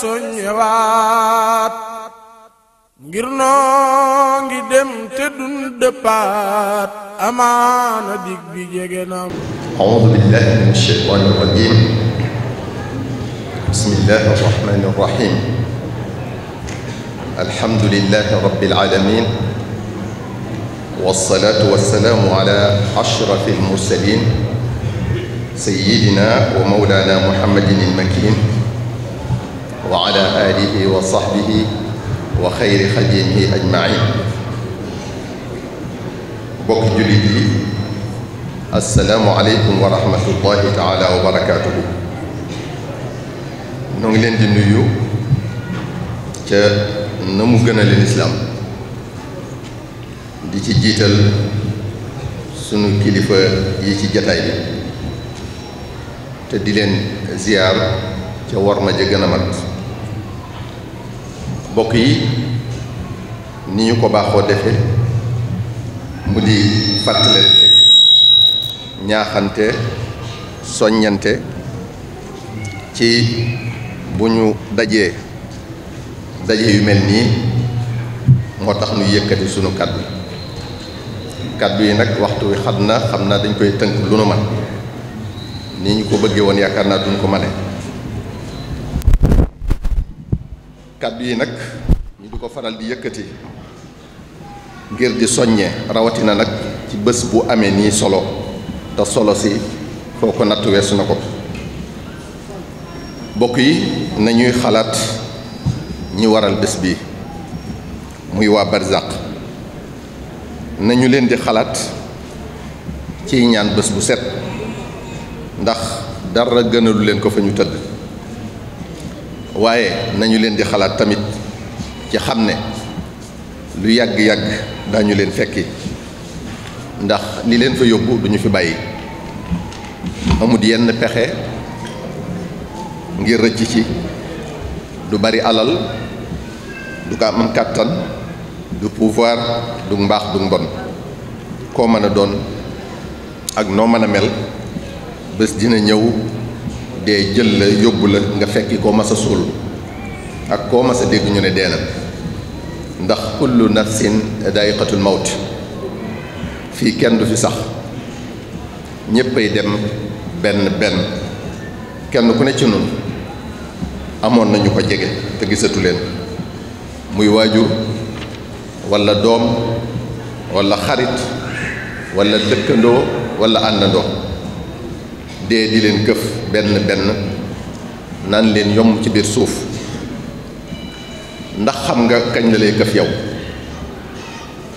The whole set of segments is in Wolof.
suñ ñëwaat ngir noo ngi dem te dun dëppaat amaana dig bi jege nam aoudu billahi min asheytaani rajim bismillahi arrahmani arrahim alhamdulillahi rabbil alamin والصلاة والسلام على أشرف المرسلين سيدنا ومولانا محمد المكين وعلى آله وصحبه وخير خلقه أجمعين بكتلدي السلام عليكم ورحمة الله تعالى وبركاته نغلين دي نيو تا نمو غنى للإسلام دي تي جيتل سنو كليفة يتي جتاي دي تا دي لين زيار تا ورما جي غنى مرتس mbokk yi ni ñu ko baaxoo defe mu di fàttalante ñaaxante soññante ci bu ñu dajee daje yu mel nii moo tax ñu yëkkati sunu kàddu kàddu yi nag waxtu wi xat na xam naa dañ koy tënk lu nu man ni ñu ko bëggee woon yaakaar naa duñ ko mane kàddu yi nag ñu di ko faral di yëkkati ngir di soññee rawatina nag ci bés bu amee nii solo te solo si foo ko natt weesu na ko bokk yi nañuy xalaat ñi waral bés bi muy waa barzaq nañu leen di xalaat ciy ñaan bés bu set ndax dara gënalu leen ko fa ñu tëdd waye nañu leen di xalaat tamit ci xamne lu yag yag dañu leen fekki ndax li leen fa yobbu duñu fi bàyyi amut yenn pexé ngir recc ci du bari alal du ka am katan du pouvoir du mbax du mbon ko meuna don ak no meuna mel bes dina ñew dee jël la yóbbu la nga fekki koo masa suul ak koo mas dégg ñu ne dee na ndax kullu nafsin daayiqatul mawt fii kenn du fi sax ñéppay dem benn benn kenn ku ne ci nun amoon nañu ko jege te gisatu leen muy waajur walla doom walla xarit walla dëkkandoo walla àndandoo dee di leen këf Ben ben, nan len yom ci bir souf ndax xam nga kagn la lay yow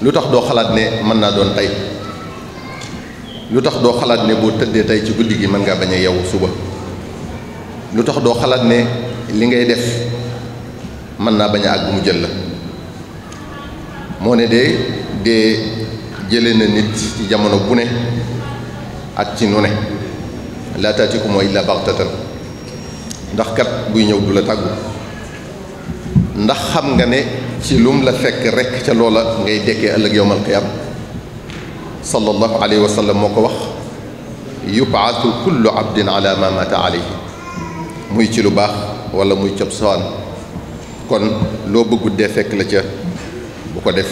lu do xalat ne man na tay, tay lu do xalat ne bo tëddee tay ci guddigi man nga ngaa yow suba lu do xalat ne li ngay def man na baña a mu jël la ne de de na nit ci jamono bu ne ak ci nu ne laa taatikum wa illaa baxtatan ndax kat buy ñëw du la tàggu ndax xam nga ne ci lum la fekk rekk ca loola ngay dekkee ëllëg yowmal qiyaam sallallahu alayhi wa sallam moo ko wax yubaatu kullu abdin ala ma mata alayhi muy ci lu baax wala muy cob sowaan kon loo bëggut dee fekk la ca bu ko def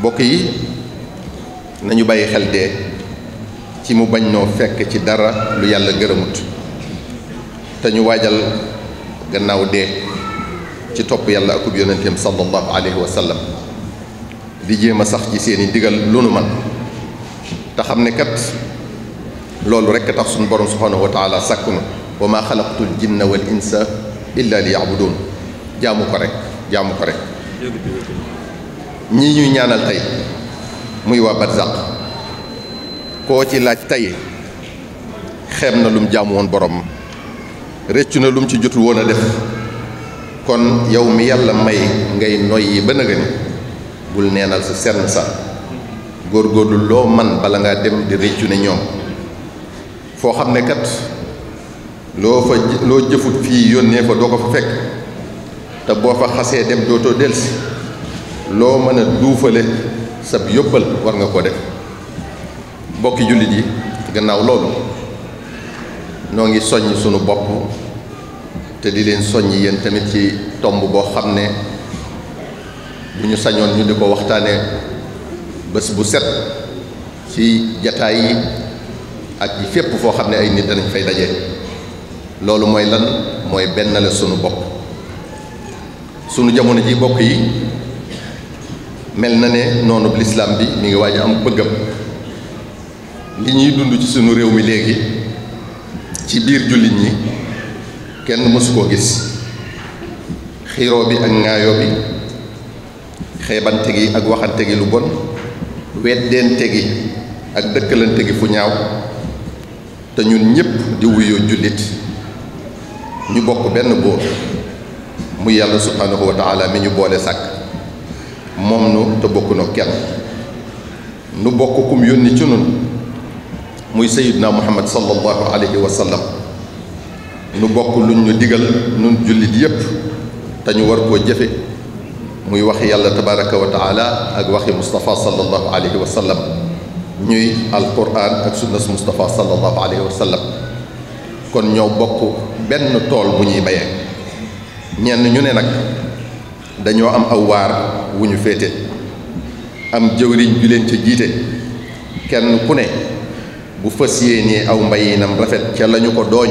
mbokk nañu bàyyi xel dee ci mu bañ noo fekk ci dara lu yàlla gërëmut te ñu waajal gannaaw dee ci topp yàlla akub yonenteem sallallahu alayhi wa sallam di jéem a sax ci seeni digal lu nu man te xam ne kat loolu rekk tax suñu borom subhanahu wa taala sàkku na wa maa xalaqtul jinna wal insa illa li yaabuduun jaamu ko rek jaamu ko rek ñii ñuy ñaanal tey muy waa barzaq koo ci laaj tey xeeb na lum jaamu woon borom rëccu na lum ci jotu woon a def kon yow mi yàlla may ngay noyyi ba nëgëni bul neenal sa senn sa góorlu loo man bala ngaa dem di rëccu ne ñoom foo xam ne kat loo fa loo jëfut fii yónnee fa doo ko fa fekk te boo fa xasee dem dootoo delsi loo mën a duufale sab yóbbal war nga ko def bokki julit yi gannaaw loolu no ngi sunu bop te di leen soññ yeen tamit ci tombe bo xamne buñu bu ñu sañoon ñu di ko waxtaane bu set ci jotaay yi ak yi fepp fo xamne ay nit dañ fay dajé loolu moy lan moy suñu sunu suñu jamono ji bokki melna ne noonu l'islam bi mi ngi waji am beugam li ñi dund ci suñu rew mi léegi ci biir jullit ñi kenn musu ko gis xiro bi ak ngaayo bi xeebante gi ak waxante gi lu bon weddeente gi ak dëkkalante gi fu ñaaw te ñun ñépp di wuyo jullit ñu bokk benn buur mu yalla subhanahu wa taala mi ñu boole sak mom nu te bokku no kenn nu bokku kum yónni ci nun muy sayidna muhammad sallallahu alayhi wa sallam nu bokk luñ ñu digal nun jullit yépp te ñu war koo jëfe muy wax yàlla tabaraka wa taala ak waxi mustapha sallallahu alayhi wa sallam ñuy alquran ak sunnas mustapha sallallahu alayhi wa sallam kon ñoo bokk benn tool bu ñuy bayee ñenn ñu ne nag dañoo am aw waar wu ñu féete am jëwriñ ju leen ca jiite kenn ku ne bu fas yéenee aw mbayinam rafet ca lañu ko dooñ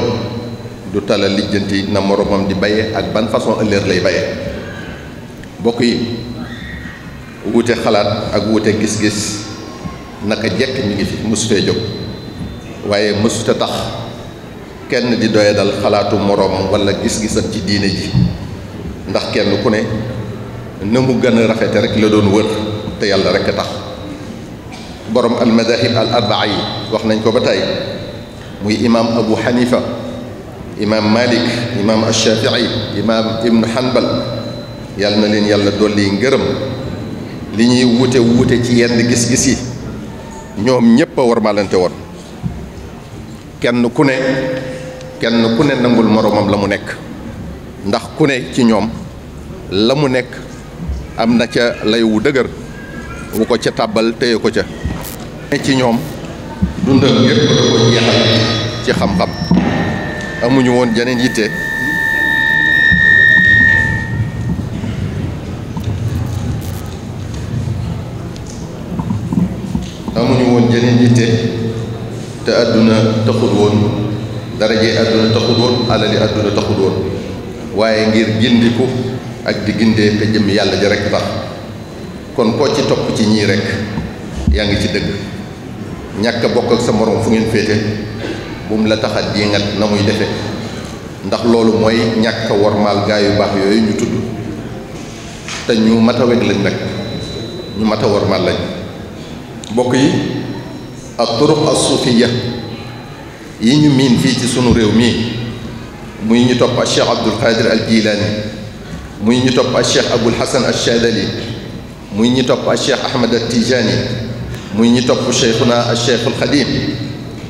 du talal lijjanti na moromam di baye ak ban façon ëllëg lay baye bokk yi wute xalaat ak wuute gis-gis naka jekk mi ngi fi mësutee jóg waaye mësuta tax kenn di doya dal xalaatu moroomam wala gis-gisam ci diine ji ndax kenn ku ne na mu gën a rafete rek la doon wër te yàlla rek a tax borom al madahib al arbaa wax nañ ko ba muy imaam abu hanifa imam malik imaam ashafii imam ibn hanbal yalna na leen yàlla dolli ngërëm li ñuy wute wute ci yenn gis-gis yi ñoom ñépp a war malante woon kenn ku ne kenn ku ne nangul moroomam la mu ndax ku ne ci ñoom la mu nekk ca lay wu dëgër wu ko ca tàbbal téye ca ci ñoom dundam ci xam amuñu woon janeen yitte amuñu woon janeen te àdduna taxut woon daraje àdduna taxut woon alali àdduna taxut woon waaye ngir gindiku ak di gindee te jëm yàlla ji rek tax kon koo ci topp ci ñii rek yaa ngi ci dëgg ñàkk bokk ak sa morom fu ngeen féete bu mu la tax a na muy defe ndax loolu mooy ñàkk a wormaal gaa yu baax yooyu ñu tudd te ñu mat a weg lañ nag ñu mat a wormaal lañ bokk yi ab turuq as-sufiya yi ñu miin fii ci sunu réew mii muy ñu topp ak cheikh abdul qadir al jilaani muy ñu topp ak cheikh abul hasan al shadali muy ñu topp ak cheikh ahmad al tijaani muy ñi top cheikhuna al cheikhul xadim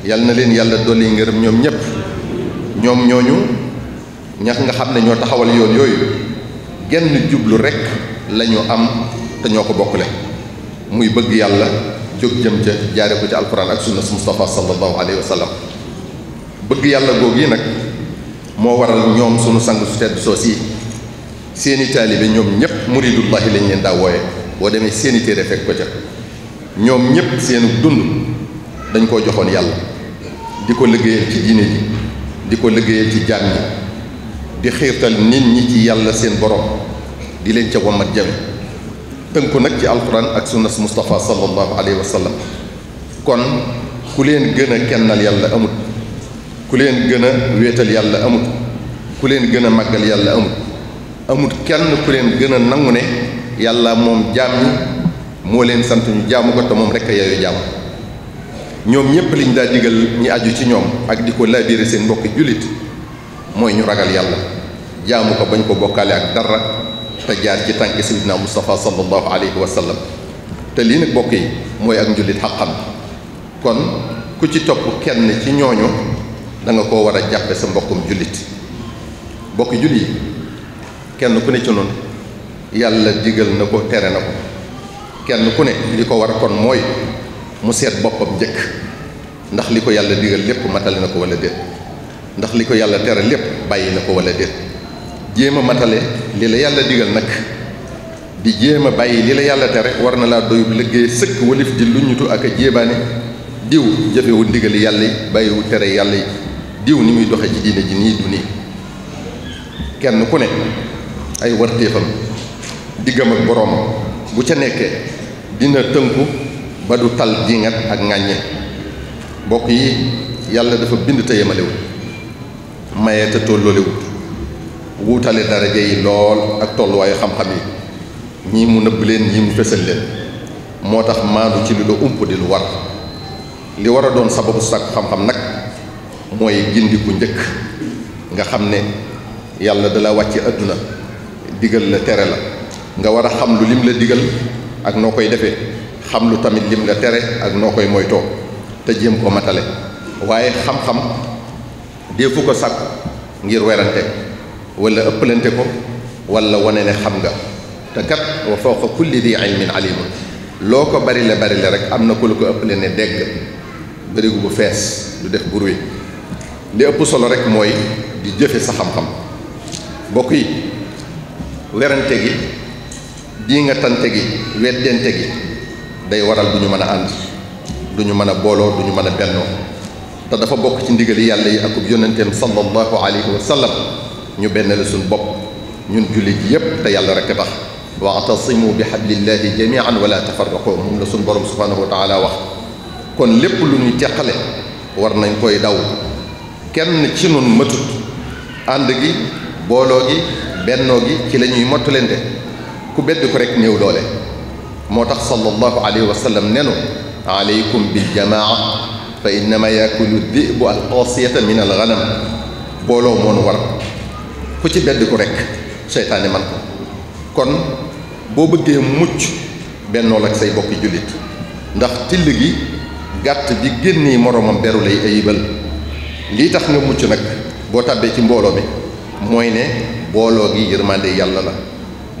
yal na leen yàlla doli ngeerum ñom ñep ñom ñoñu ñax nga xamne ño taxawal yoon yoy genn djublu rek lañu am te ñoko ko bokkule muy bëgg yàlla jóg jëm ci jaare ko ci alquran ak sunna Mustafa sallallahu alayhi wa sallam bëgg yàlla googu yi nag moo waral ñom sunu sang su tedd soosi seeni talibé ñom ñep muridullahi lañ leen da woyé bo démé seeni téré fek ko ca ñoom ñëpp seenu dund dañ koo joxoon yàlla di ko liggéeyal ci diine ji di ko liggéeyal ci jaam ñi di xiirtal nit ñi ci yàlla seen borom di leen ca wamat jame ko nag ci alquran ak sunnas Mustafa sallallahu alayhi wa sallam kon ku leen gën a kennal yàlla amut ku leen gën a wéetal yàlla amut ku leen gën a màggal yàlla amut amut kenn ku leen gën a nangu ne yàlla moom jaam ñi mo leen sant ñu jaamu ko to mom rek a yeyoo jaamu ñoom liñ da digal ñi aju ci ñom ak di ko biri seen mbokk julit, moy ñu ragal yalla jaamu ko bañ ko bokkaale ak dara ta jaar ci tanki sayyidina Mustafa sallallahu Alaihi Wasallam, te li nak bokki moy ak julit kon ku ci top kenn ci ñooñu da nga ko wara jappé sa mbokkum julit bokki julit kenn ku ne ci non yalla digal nako téré nako kenn ku ne li ko war kon mooy mu seet boppam njëkk ndax li ko yàlla digal lépp matale na ko wala déet ndax li ko yàlla tere lépp bàyyi na ko wala déet jéem a matale li la yàlla digal nag di jéem a bàyyi li la yàlla tere war na laa doyub liggéey sëkk walif di lu ñutu ak a jéebaane diw jëfewu ndigali yàlla yi bàyyiwu tere yàlla yi diw ni muy doxe ci diine ji nii du nii kenn ku ne ay wartéefam diggam ak boroom bu ca nekkee dina tënku ba du tal dingat ak ŋàññe mbokk yi yàlla dafa bind te yemalewut maye te tolloolewut wuutale daraja yi lool ak tolluwaayu xam-xam yi ñii mu nëbb leen ñii mu fësal leen moo tax maandu ci li la ump di lu war li war a doon sababu sàkk xam-xam nag mooy gindiku njëkk nga xam ne yàlla dala wàcce àdduna digal la tere la nga war a xam lu lim la digal ak nokoy defé xam lu tamit lim nga tere ak nokoy koy moytoo te jëm ko matale wayé xam-xam defu ko sak ngir werante wala ëppalante ko wala wane ne xam nga te kat wa fawqa kulli dhi ilmin 'alim loko bari la bari la rek amna ko ku ko ëppale ne dégg bari gu bu fess du def bruit li ëpp solo rek moy di jëfe sa xam-xam bokki werante gi diingatante gi weddente gi day waral duñu mëna ànd duñu mëna bolo duñu mëna benno ta dafa bok ci ndigal yàlla yi akub yonentem sallallahu alayhi wa sallam ñu benn la suñ bopp ñun jullit yépp ta yàlla rek bax wa atasimu bi xablillahi jamian la tafarraqu mum la suñ borom subhanahu wa taala wax kon lépp lu ñuy teqale war nañ koy daw kenn ci nun matut ànd gi bolo gi benno gi ci lañuy motulende ku bedd ko rek néew doole moo tax sallallahu alayhi wa sallam nenu aleykum bil jamaa fa innama yakulu dibu al qasiyata min al ganam booloo moonu war ku ci bedd ko rek seytaane man ko kon boo bëggee mucc bennool ak say bokki jullit ndax till gi gàtt bi génnee moroomam beru lay ayibal lii tax nga mucc nag boo tàbbee ci mbooloo bi mooy ne booloo gi yërmande yàlla la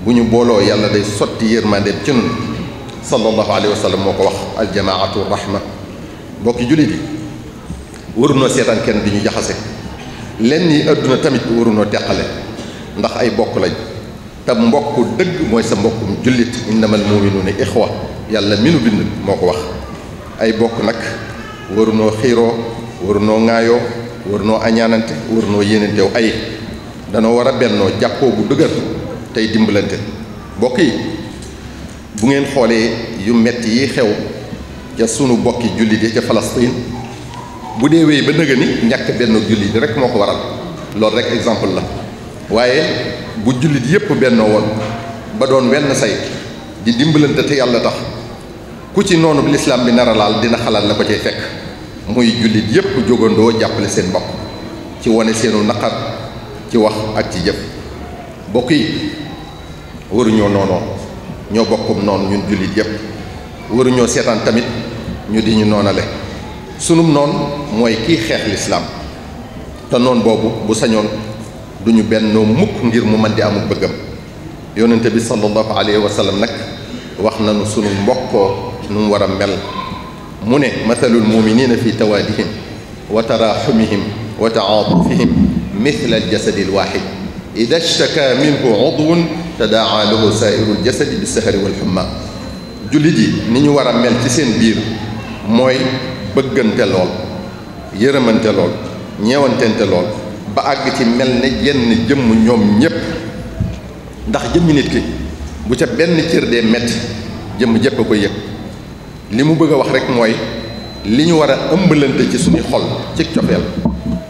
buñu bolo yàlla day soti yermande ci nun sallallahu alayhi wasallam moko wax al jamaatu rahma bokki jullit yi setan ken kenn di jaxase lenn yi àdduna tamit waruñoo tekkale ndax ay bokk lañ ta mbokk deug moy sa mbokk julit innamal mu'minuna ikhwa yàlla minu bind moko wax ay bokk nak waruñoo xiro waruñoo ngaayo waruñoo añanante waruñoo yenente ay dano wara benno jappo bu dëgër tey dimbalante mbokk yi bu ngeen xoolee yu metti yi xew ca sunu bokki jullit yi ca Palestine bu dee wéy ba nëga ñàkk benn jullit rek moo ko waral loolu rek exemple la waaye bu jullit yépp bennoo woon ba doon wenn say di dimbalante te yàlla tax ku ci noonu lislaam bi nar laal dina xalaat la ko cay fekk muy jullit yépp jógandoo jàppale seen mbokk ci wane seenu naqar ci wax ak ci jëf bokki waru ñoo nono ñoo bokkum non ñun jullit yépp ñoo seetaan tamit ñu di ñu sunum non moy ki xex l'islam ta non bobu bu sañon duñu bennoo mukk ngir mu man di amu bëggam yonente bi sallallahu alayhi wa sallam nag wax nañu sunu mbokko nu wara mel mune mathalul muminina fi tawadihim wa tarahumihim wa ta'atufihim mithla al-jasadil wahid ida ishtaka minhu udwun tadaaa lahu saa'irul jasadi bi sahari wal humma jullit yi ni ñu war a mel ci seen biir mooy bëggante lool yërëmante lool ñeewantente lool ba àgg ci mel ne yenn jëmm ñoom ñépp ndax jëmmi nit ki bu ca benn cër dee metti jëmm jëpp a ko yëg li mu bëgg a wax rek mooy li ñu war a ëmbalante ci suñuy xol ci cofeel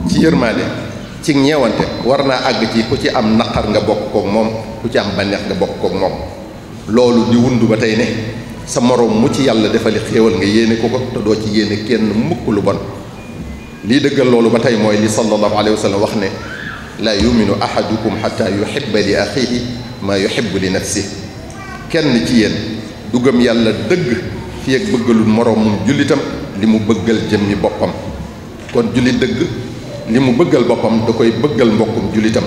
ci yërmaande ci ñeewante war naa àgg ci ku ci am naqar nga bokk kook moom ku ci am bànneex nga bokk kook moom loolu di wund ba tey ne sa moroom mu ci yàlla defali xéewal nga yéene ko ko te doo ci yéene kenn mukk lu bon lii dëggal loolu ba tey mooy li sallallahu alayhi wa sallam wax ne la yuminu ahadukum xata yuhibba li axihi maa yuhibbu li si kenn ci yéen du gëm yàlla dëgg fi ak bëggalul moroomum jullitam li mu bëggal yi boppam kon julli dëgg li mu bëggal boppam da koy bëggal mbokkum jullitam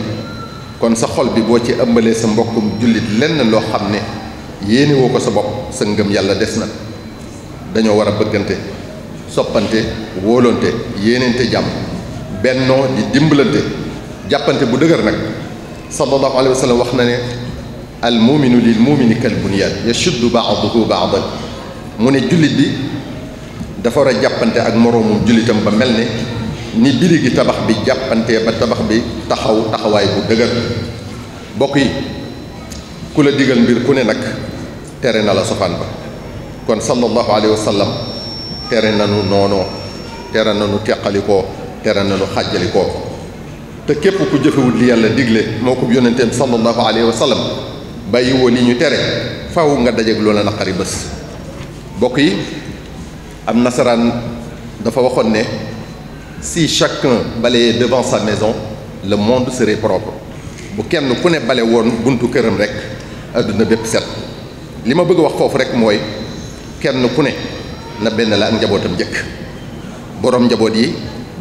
kon sa xol bi boo ci ëmbalee sa mbokkum jullit lenn loo xam ne yéene ko sa bopp sa ngëm yàlla des na dañoo war a bëggante soppante wóolante yéeneente jàmm bennoo di dimbalante jàppante bu dëgër nag sallallahu alayhi wax na ne al muminu lil mumini kal bunyaan yashuddu ba'duhu ba'dan mu ne jullit bi dafa war a jàppante ak moroomum jullitam ba mel ne ni birigi tabax bi jàppantee ba tabax bi taxaw taxawaay bu dëgër bokk yi ku la digal mbir ku ne nag tere na la sofaan ba kon sallallahu alayhi wa sallam tere nanu noonoo tere nanu teqalikoo tere nanu xàjjalikoo te képp ku jëfewul li yàlla digle moo ko yónnenteem sallallahu alayhi wa sallam bàyyiwoo li ñu tere faw nga dajeeg loola naqari bés bokk yi am nasaraan dafa waxoon ne si chacun balayait devant sa maison le monde serait propre bu kenn ku ne bale woon buntu këram rek adduna bépp set li ma bëgg a wax foofu rek mooy kenn ku ne na benn la ak njabootam njëkk borom njaboot yi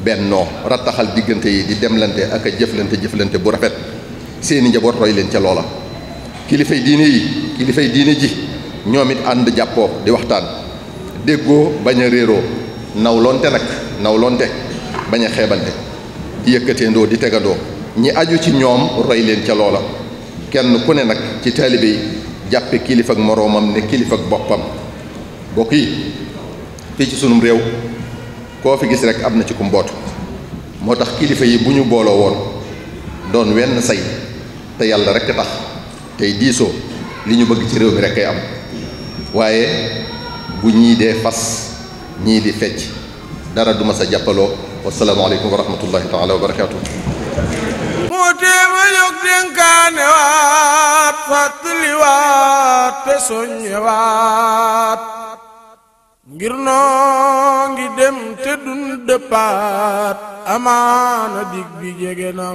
bennoo rataxal digënté yi di demlante ak a jëflante jëflante bu rafet seeni njaboot roy leen ci loola kilifay diine yi kilifay diine ji ñoom it jappo di waxtaan déggoo baña réro nawlonté nak nawlonté bañ a xeebante yëkkateendoo di tegandoo ñi aju ci ñoom roy leen ca loola kenn ku ne nag ci taalibe yi jàppe kilifa ak moroomam ne kilifa ak boppam bokk yi fii ci sunum réew koo fi gis rek am na ci ku mboot moo tax kilifa yi bu ñu booloo woon doon wenn say te yàlla rek tax tey diisoo li ñu bëgg ci réew mi rek ay am waaye bu ñii dee fas ñii di fecc dara duma sa jàppaloo wasalaamaaleykum wa rahmatullahi taala wa barakaatu. mu téema yóg dénkaane waat fàttali waat te soññe waat ngir noo ngi dem te dun dëppaat amaana dig bi jege na